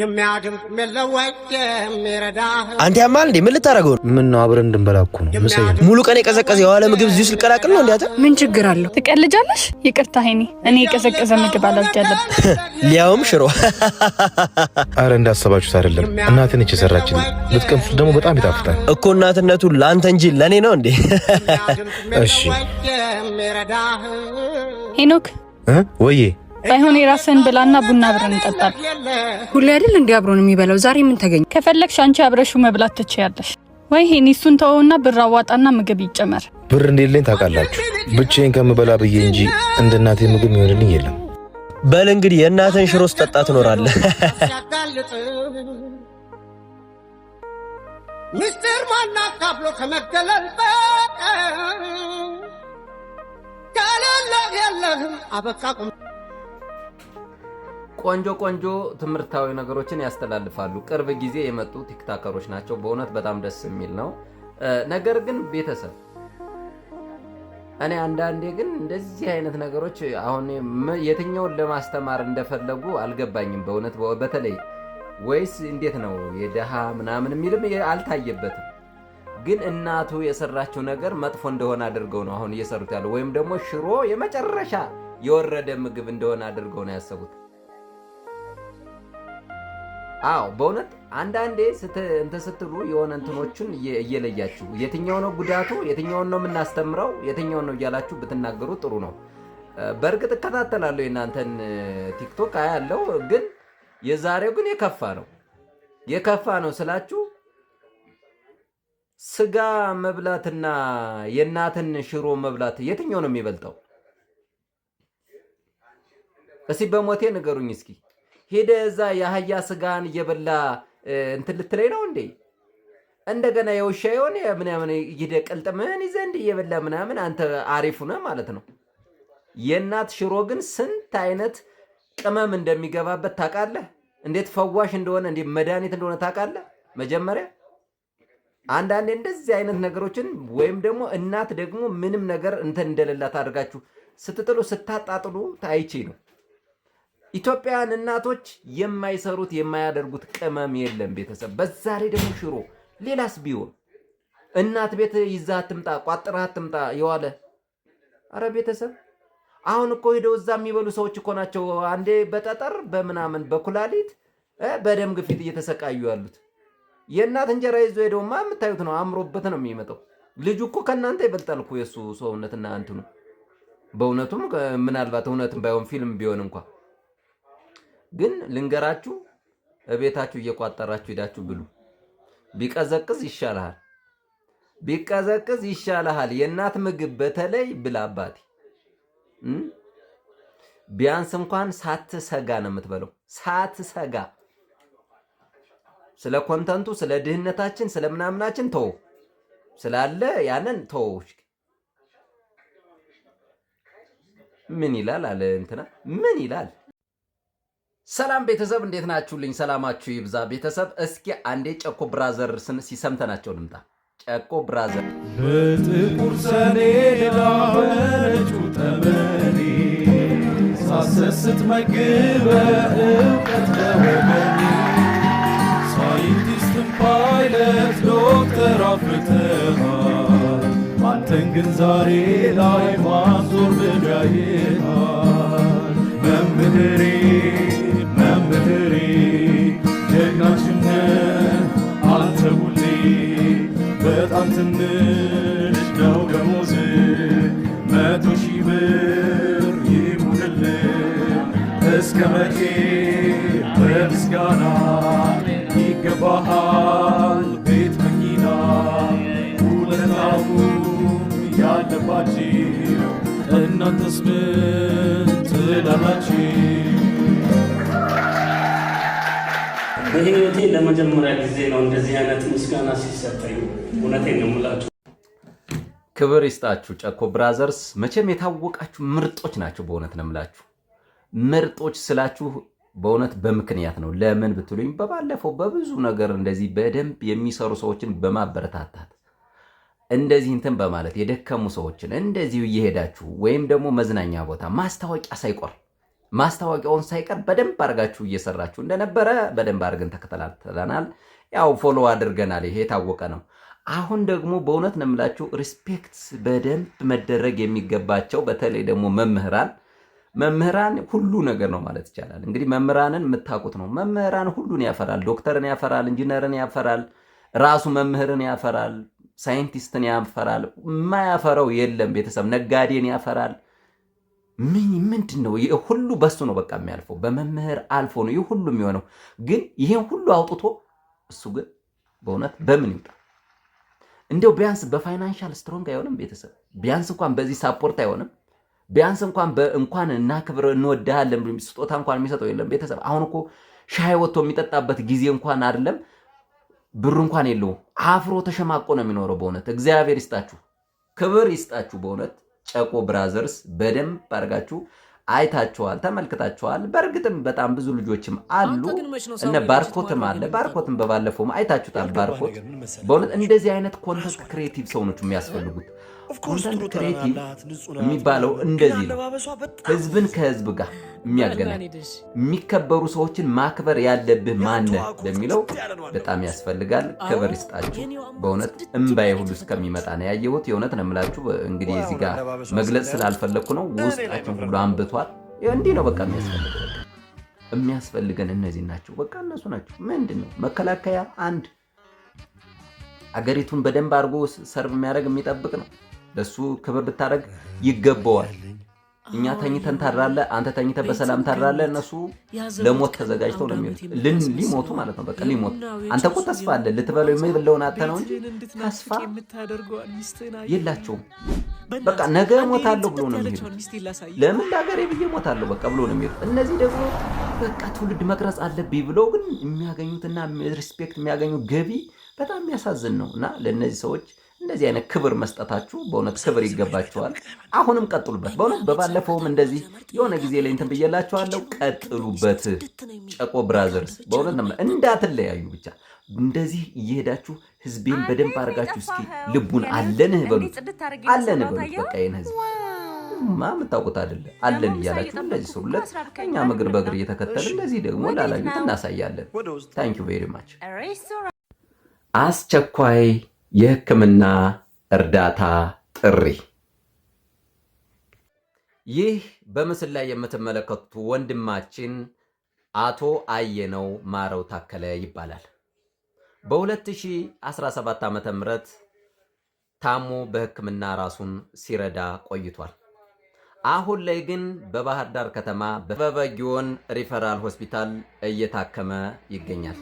የሚያድም መለወጭ የሚረዳ አንተ ያማል እንዴ? ምን ልታረገው ምን ነው አብረን እንድንበላ እኮ ነው። ምሳ ሙሉ ቀን የቀዘቀዘ የዋለ ምግብ እዚሁ ስልቀላቅል ነው እንዴ? ምን ችግር አለው? ትቀልጃለሽ። ይቅርታ ሄኒ፣ እኔ የቀዘቀዘ ምግብ አላወዳለም፣ ሊያውም ሽሮ። አረ እንዳሰባችሁት አይደለም። እናትን ነች የሰራችን። ልትቀምሱት ደግሞ በጣም ይጣፍጣል እኮ። እናትነቱ ለአንተ እንጂ ለእኔ ነው እንዴ? እሺ ሄኖክ ወዬ ባይሆን የራስህን ብላና ቡና አብረን እንጠጣል። ሁሌ አይደል እንዲ አብሮን የሚበላው ዛሬ ምን ተገኘ? ከፈለግሽ አንቺ አብረሽው መብላት ትችያለሽ። ወይ ሄኒ እሱን ተወውና ብር አዋጣና ምግብ ይጨመር። ብር እንደሌለኝ ታውቃላችሁ። ብቻዬን ከምበላ ብዬ እንጂ እንደ እናቴ ምግብ ይሆንልኝ የለም። በል እንግዲህ የእናትን ሽሮ ስጠጣ ትኖራለህ። ምስጢር ማና ካብሎ ከመገለል በቀር ከሌለህ የለህም አበቃ ቁም ቆንጆ ቆንጆ ትምህርታዊ ነገሮችን ያስተላልፋሉ። ቅርብ ጊዜ የመጡ ቲክታከሮች ናቸው። በእውነት በጣም ደስ የሚል ነው። ነገር ግን ቤተሰብ እኔ አንዳንዴ ግን እንደዚህ አይነት ነገሮች አሁን የትኛውን ለማስተማር እንደፈለጉ አልገባኝም። በእውነት በተለይ ወይስ እንዴት ነው የደሃ ምናምን የሚልም አልታየበትም። ግን እናቱ የሰራችው ነገር መጥፎ እንደሆነ አድርገው ነው አሁን እየሰሩት ያለው፣ ወይም ደግሞ ሽሮ የመጨረሻ የወረደ ምግብ እንደሆነ አድርገው ነው ያሰቡት። አዎ በእውነት አንዳንዴ እንተ ስትሉ የሆነ እንትኖችን እየለያችሁ የትኛው ነው ጉዳቱ፣ የትኛውን ነው የምናስተምረው፣ የትኛውን ነው እያላችሁ ብትናገሩ ጥሩ ነው። በእርግጥ እከታተላለሁ የእናንተን ቲክቶክ አያለው፣ ግን የዛሬው ግን የከፋ ነው። የከፋ ነው ስላችሁ ስጋ መብላትና የእናትን ሽሮ መብላት የትኛው ነው የሚበልጠው? እስኪ በሞቴ ንገሩኝ እስኪ ሄደ እዛ የአህያ ስጋን እየበላ እንትን ልትለይ ነው እንዴ? እንደገና የውሻ የሆነ ምናምን ይደ ይዘ ይዘንድ እየበላ ምናምን አንተ አሪፉ ነህ ማለት ነው። የእናት ሽሮ ግን ስንት አይነት ቅመም እንደሚገባበት ታውቃለህ? እንዴት ፈዋሽ እንደሆነ እንዴት መድኃኒት እንደሆነ ታውቃለህ? መጀመሪያ አንዳንዴ እንደዚህ አይነት ነገሮችን ወይም ደግሞ እናት ደግሞ ምንም ነገር እንትን እንደሌላት አድርጋችሁ ስትጥሉ ስታጣጥሉ ታይቼ ነው ኢትዮጵያውያን እናቶች የማይሰሩት የማያደርጉት ቅመም የለም። ቤተሰብ በዛሬ ደግሞ ሽሮ፣ ሌላስ ቢሆን እናት ቤት ይዛ አትምጣ፣ ቋጥራ አትምጣ የዋለ አረ ቤተሰብ አሁን እኮ ሄደው እዛ የሚበሉ ሰዎች እኮ ናቸው። አንዴ በጠጠር በምናምን በኩላሊት በደም ግፊት እየተሰቃዩ ያሉት የእናት እንጀራ ይዞ ሄደውማ የምታዩት ነው። አምሮበት ነው የሚመጣው። ልጁ እኮ ከእናንተ ይበልጣል እኮ የእሱ ሰውነትና እንትኑ። በእውነቱም ምናልባት እውነትም ባይሆን ፊልም ቢሆን እንኳ ግን ልንገራችሁ፣ እቤታችሁ እየቋጠራችሁ ሄዳችሁ ብሉ። ቢቀዘቅዝ ይሻልሃል፣ ቢቀዘቅዝ ይሻልሃል። የእናት ምግብ በተለይ ብላ አባቴ። ቢያንስ እንኳን ሳትሰጋ ነው የምትበለው፣ ሳትሰጋ ስለ ኮንተንቱ፣ ስለ ድህነታችን፣ ስለ ምናምናችን ተው ስላለ ያንን ተው። ምን ይላል አለ እንትና ምን ይላል ሰላም ቤተሰብ እንዴት ናችሁልኝ? ሰላማችሁ ይብዛ ቤተሰብ። እስኪ አንዴ ጨኮ ብራዘርስን ሲሰምተናቸው ልምጣ። ጨኮ ብራዘር በጥቁር ሰሌዳ በነጩ ጠመኔ ሳሰስት መግበ እውቀት ለወገኔ ሳይንቲስትም ፓይለት ዶክተር አፍርተሃል አንተን ግን ዛሬ ላይ ማዞር ብዳይሃል መምህሬ ስምንት በህይወቴ ለመጀመሪያ ጊዜ ነው እንደዚህ አይነት ምስጋና ሲሰጠኝ። እውነቴን ነው የምላችሁ። ክብር ይስጣችሁ ጨኮ ብራዘርስ፣ መቼም የታወቃችሁ ምርጦች ናቸው። በእውነት ነው የምላችሁ ምርጦች ስላችሁ በእውነት በምክንያት ነው። ለምን ብትሉኝ በባለፈው በብዙ ነገር እንደዚህ በደንብ የሚሰሩ ሰዎችን በማበረታታት እንደዚህ እንትን በማለት የደከሙ ሰዎችን እንደዚሁ እየሄዳችሁ ወይም ደግሞ መዝናኛ ቦታ ማስታወቂያ ሳይቆር ማስታወቂያውን ሳይቀር በደንብ አድርጋችሁ እየሰራችሁ እንደነበረ በደንብ አድርገን ተከታትለናል። ያው ፎሎ አድርገናል። ይሄ የታወቀ ነው። አሁን ደግሞ በእውነት ነው የምላችሁ ሪስፔክት በደንብ መደረግ የሚገባቸው በተለይ ደግሞ መምህራን መምህራን ሁሉ ነገር ነው ማለት ይቻላል። እንግዲህ መምህራንን የምታውቁት ነው። መምህራን ሁሉን ያፈራል። ዶክተርን ያፈራል፣ ኢንጂነርን ያፈራል፣ ራሱ መምህርን ያፈራል። ሳይንቲስትን ያፈራል። የማያፈረው የለም። ቤተሰብ ነጋዴን ያፈራል። ምን ምንድን ነው ሁሉ? በሱ ነው በቃ የሚያልፈው በመምህር አልፎ ነው ይህ ሁሉ የሚሆነው። ግን ይህን ሁሉ አውጥቶ እሱ ግን በእውነት በምን ይውጣ? እንዲው ቢያንስ በፋይናንሻል ስትሮንግ አይሆንም? ቤተሰብ ቢያንስ እንኳን በዚህ ሳፖርት አይሆንም? ቢያንስ እንኳን እንኳን እና ክብር እንወድሃለን ስጦታ እንኳን የሚሰጠው የለም። ቤተሰብ አሁን እኮ ሻይ ወጥቶ የሚጠጣበት ጊዜ እንኳን አይደለም። ብር እንኳን የለውም። አፍሮ ተሸማቆ ነው የሚኖረው። በእውነት እግዚአብሔር ይስጣችሁ፣ ክብር ይስጣችሁ። በእውነት ጨቆ ብራዘርስ በደንብ አድርጋችሁ አይታችኋል፣ ተመልክታችኋል። በእርግጥም በጣም ብዙ ልጆችም አሉ፣ እነ ባርኮትም አለ። ባርኮትም በባለፈውም አይታችሁታል። ባርኮት በእውነት እንደዚህ አይነት ኮንተንት ክሬቲቭ ሰው ነች የሚያስፈልጉት ኮንተንት ክሬቲቭ የሚባለው እንደዚህ ነው። ህዝብን ከህዝብ ጋር የሚያገናኝ የሚከበሩ ሰዎችን ማክበር ያለብህ ማነህ ለሚለው በጣም ያስፈልጋል። ክብር ይስጣችሁ በእውነት እምባዬ ሁሉ እስከሚመጣ ነው ያየሁት። የእውነት ነው የምላችሁ። እንግዲህ እዚህ ጋር መግለጽ ስላልፈለግኩ ነው። ውስጣችን ሁሉ አንብቷል። እንዲህ ነው በቃ የሚያስፈልገን የሚያስፈልገን እነዚህ ናቸው። በቃ እነሱ ናቸው። ምንድን ነው መከላከያ አንድ አገሪቱን በደንብ አድርጎ ሰርቭ የሚያደርግ የሚጠብቅ ነው። ለሱ ክብር ብታደረግ ይገባዋል። እኛ ተኝተን ታድራለ፣ አንተ ተኝተ በሰላም ታድራለ። እነሱ ለሞት ተዘጋጅተው ነው ሊሞቱ ማለት ነው። በቃ ሊሞት አንተ እኮ ተስፋ አለ ልትበለው የምለውን አተ ነው እንጂ ተስፋ የላቸውም። በቃ ነገ ሞታለሁ ብሎ ነው የሚሄዱ። ለምን ሀገሬ ብዬ ሞታለሁ በቃ ብሎ ነው የሚሄዱ። እነዚህ ደግሞ በቃ ትውልድ መቅረጽ አለብኝ ብለው ግን የሚያገኙትና ሪስፔክት የሚያገኙት ገቢ በጣም የሚያሳዝን ነው እና ለእነዚህ ሰዎች እንደዚህ አይነት ክብር መስጠታችሁ በእውነት ክብር ይገባችኋል። አሁንም ቀጥሉበት። በእውነት በባለፈውም እንደዚህ የሆነ ጊዜ ላይ እንትን ብዬላችኋለሁ። ቀጥሉበት ጨቆ ብራዘርስ፣ በእውነት ነው እንዳትለያዩ ብቻ እንደዚህ እየሄዳችሁ ህዝቤን በደንብ አድርጋችሁ እስኪ ልቡን አለንህ በሉት፣ አለንህ በሉት። በቃ ይህን ህዝብ ማ የምታውቁት አይደለም አለን እያላችሁ እንደዚህ ሰውለት እኛ እግር በእግር እየተከተል እንደዚህ ደግሞ ላላዩት እናሳያለን። ታንኪዩ ቬሪ ማች። አስቸኳይ የህክምና እርዳታ ጥሪ። ይህ በምስል ላይ የምትመለከቱት ወንድማችን አቶ አየነው ማረው ታከለ ይባላል። በ2017 ዓ ም ታሞ በህክምና ራሱን ሲረዳ ቆይቷል። አሁን ላይ ግን በባህር ዳር ከተማ በበጊዮን ሪፈራል ሆስፒታል እየታከመ ይገኛል።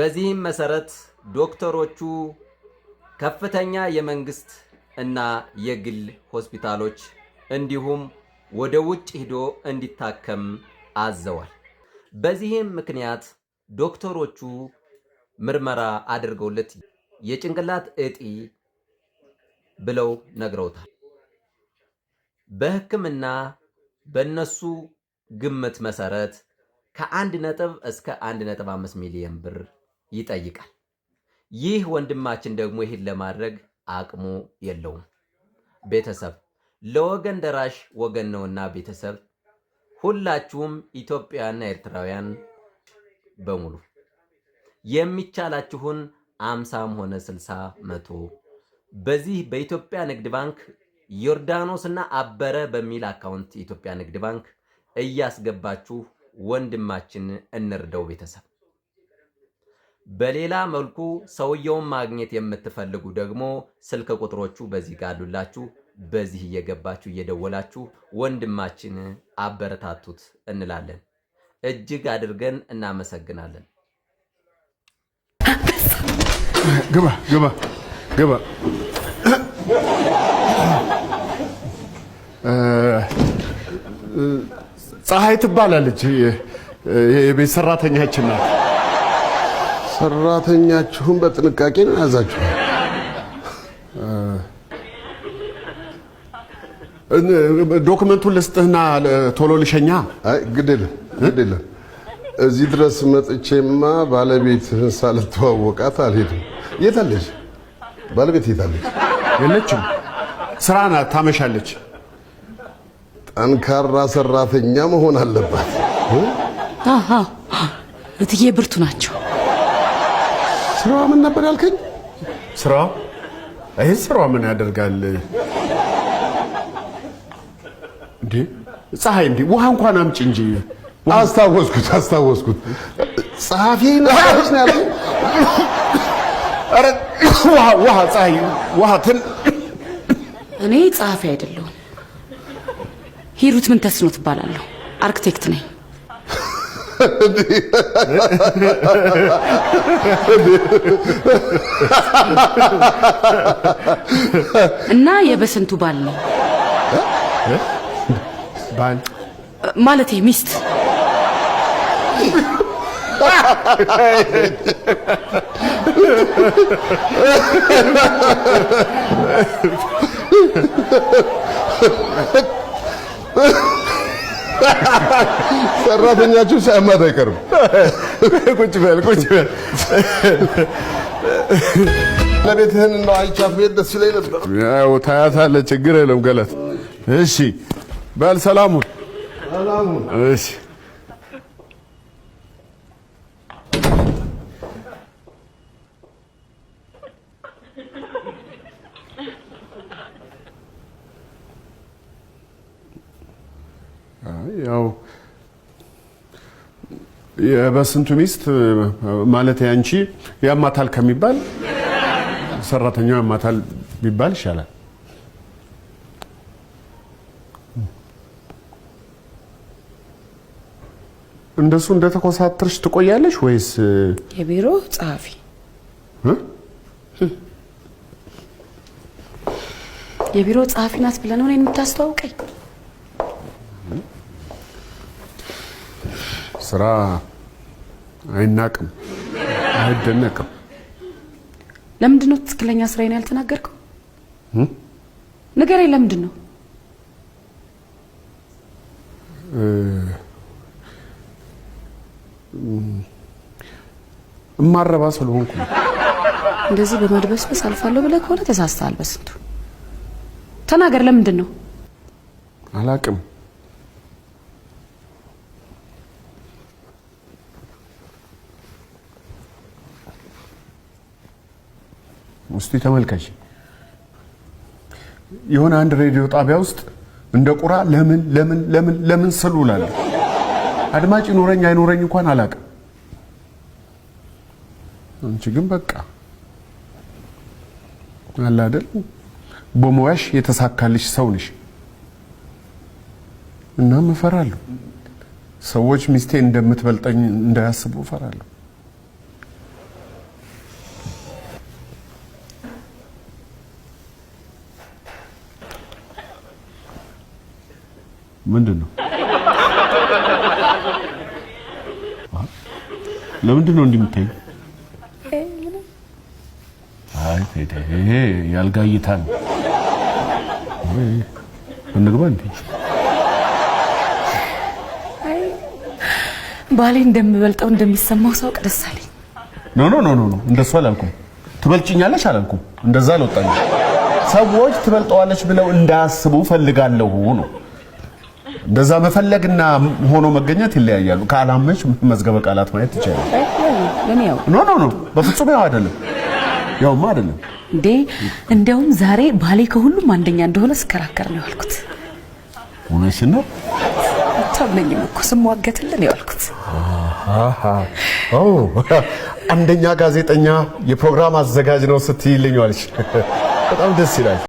በዚህም መሰረት ዶክተሮቹ ከፍተኛ የመንግስት እና የግል ሆስፒታሎች እንዲሁም ወደ ውጭ ሂዶ እንዲታከም አዘዋል። በዚህም ምክንያት ዶክተሮቹ ምርመራ አድርገውለት የጭንቅላት እጢ ብለው ነግረውታል። በሕክምና በነሱ ግምት መሰረት ከአንድ ነጥብ እስከ አንድ ነጥብ አምስት ሚሊዮን ብር ይጠይቃል። ይህ ወንድማችን ደግሞ ይህን ለማድረግ አቅሙ የለውም። ቤተሰብ ለወገን ደራሽ ወገን ነውና ቤተሰብ ሁላችሁም ኢትዮጵያውያንና ኤርትራውያን በሙሉ የሚቻላችሁን አምሳም ሆነ ስልሳ መቶ በዚህ በኢትዮጵያ ንግድ ባንክ ዮርዳኖስና አበረ በሚል አካውንት ኢትዮጵያ ንግድ ባንክ እያስገባችሁ ወንድማችን እንርደው ቤተሰብ በሌላ መልኩ ሰውየውን ማግኘት የምትፈልጉ ደግሞ ስልክ ቁጥሮቹ በዚህ ጋር አሉላችሁ። በዚህ እየገባችሁ እየደወላችሁ ወንድማችን አበረታቱት እንላለን። እጅግ አድርገን እናመሰግናለን። ግባ ግባ ግባ። ፀሐይ ትባላለች። የቤት ሰራተኛችን ናት። ሰራተኛችሁን በጥንቃቄ ነው ያዛችሁ። ዶክመንቱን ልስጥህና ቶሎ ልሸኛ። ግድል ግድል እዚህ ድረስ መጥቼማ ባለቤትህን ሳልተዋወቃት አልሄድም። የታለች ባለቤት? የታለች? የለችም። ስራ ናት፣ ታመሻለች። ጠንካራ ሰራተኛ መሆን አለባት። እትዬ ብርቱ ናቸው። ስራዋ ምን ነበር ያልከኝ? ስራዋ ይህ ስራዋ ምን ያደርጋል እንዴ? ፀሐይ እንዴ! ውሃ እንኳን አምጪ እንጂ። አስታወስኩት፣ አስታወስኩት። ጸሐፊ ነች ያለ ውሃ ውሃ ፀሐይ ውሃ ትን እኔ ጸሐፊ አይደለሁም። ሂሩት ምን ተስኖ ትባላለሁ። አርክቴክት ነኝ። እና የበስንቱ ባል ነው ባል ማለት ሚስት Ha ሰራተኛችሁ ሳያማት አይቀርም። ቁጭ በል ቁጭ በል። ለቤትህን ነው አይቻፍ ቤት ደስ ይለኝ ነበር። ያው ታያታለህ፣ ችግር የለም ገለት። እሺ በል ሰላሙን፣ ሰላሙን። እሺ በስንቱ ሚስት ማለት ያንቺ ያማታል ከሚባል ሰራተኛው ያማታል ቢባል ይሻላል። እንደሱ እንደተኮሳትርሽ ትቆያለሽ ወይስ የቢሮ ጸሐፊ የቢሮ ጸሐፊ ናት ብለህ ነው የምታስተዋውቀኝ? ስራ አይናቅም፣ አይደነቅም። ለምንድን ነው ትክክለኛ ስራዬን ያልተናገርከው? ንገረኝ፣ ለምንድን ነው? እማረባ ስለሆንኩ እንደዚህ በማድበስበስ አልፋለሁ ብለህ ከሆነ ተሳስተሃል። በስንቱ ተናገር፣ ለምንድን ነው? አላቅም እስቲ ተመልከሽ። የሆነ አንድ ሬዲዮ ጣቢያ ውስጥ እንደ ቁራ ለምን ለምን ለምን ለምን ስሉ አድማጭ ይኖረኝ አይኖረኝ እንኳን አላውቅም። አንቺ ግን በቃ አለ አይደል በሙያሽ የተሳካልሽ ሰው ነሽ እና እፈራለሁ ሰዎች ሚስቴ እንደምትበልጠኝ እንዳያስቡ እፈራለሁ። ምንድን ነው? ለምንድን ነው እንዲህ አይ ይሄ ያልጋ እይታ ነው። እንግባ እንዴ? ባሌ እንደምበልጠው እንደሚሰማው ሰው ደስ አለኝ። ኖ ኖ ኖ ኖ እንደሱ አላልኩም። ትበልጭኛለሽ አላልኩም። እንደዛ አልወጣኝም። ሰዎች ትበልጠዋለች ብለው እንዳያስቡ ፈልጋለሁ ነው እንደዛ መፈለግና ሆኖ መገኘት ይለያያሉ። ካላመች መዝገበ ቃላት ማየት ይቻላል። ኖ ኖ ኖ በፍጹም ያው አይደለም፣ ያውማ አይደለም እንዴ። እንደውም ዛሬ ባሌ ከሁሉም አንደኛ እንደሆነ ስከራከር ነው ያልኩት። እውነሽ ነው አታምነኝም እኮ ስሟገትልን ያልኩት። አንደኛ ጋዜጠኛ የፕሮግራም አዘጋጅ ነው ስትይልኛለች። በጣም ደስ ይላል።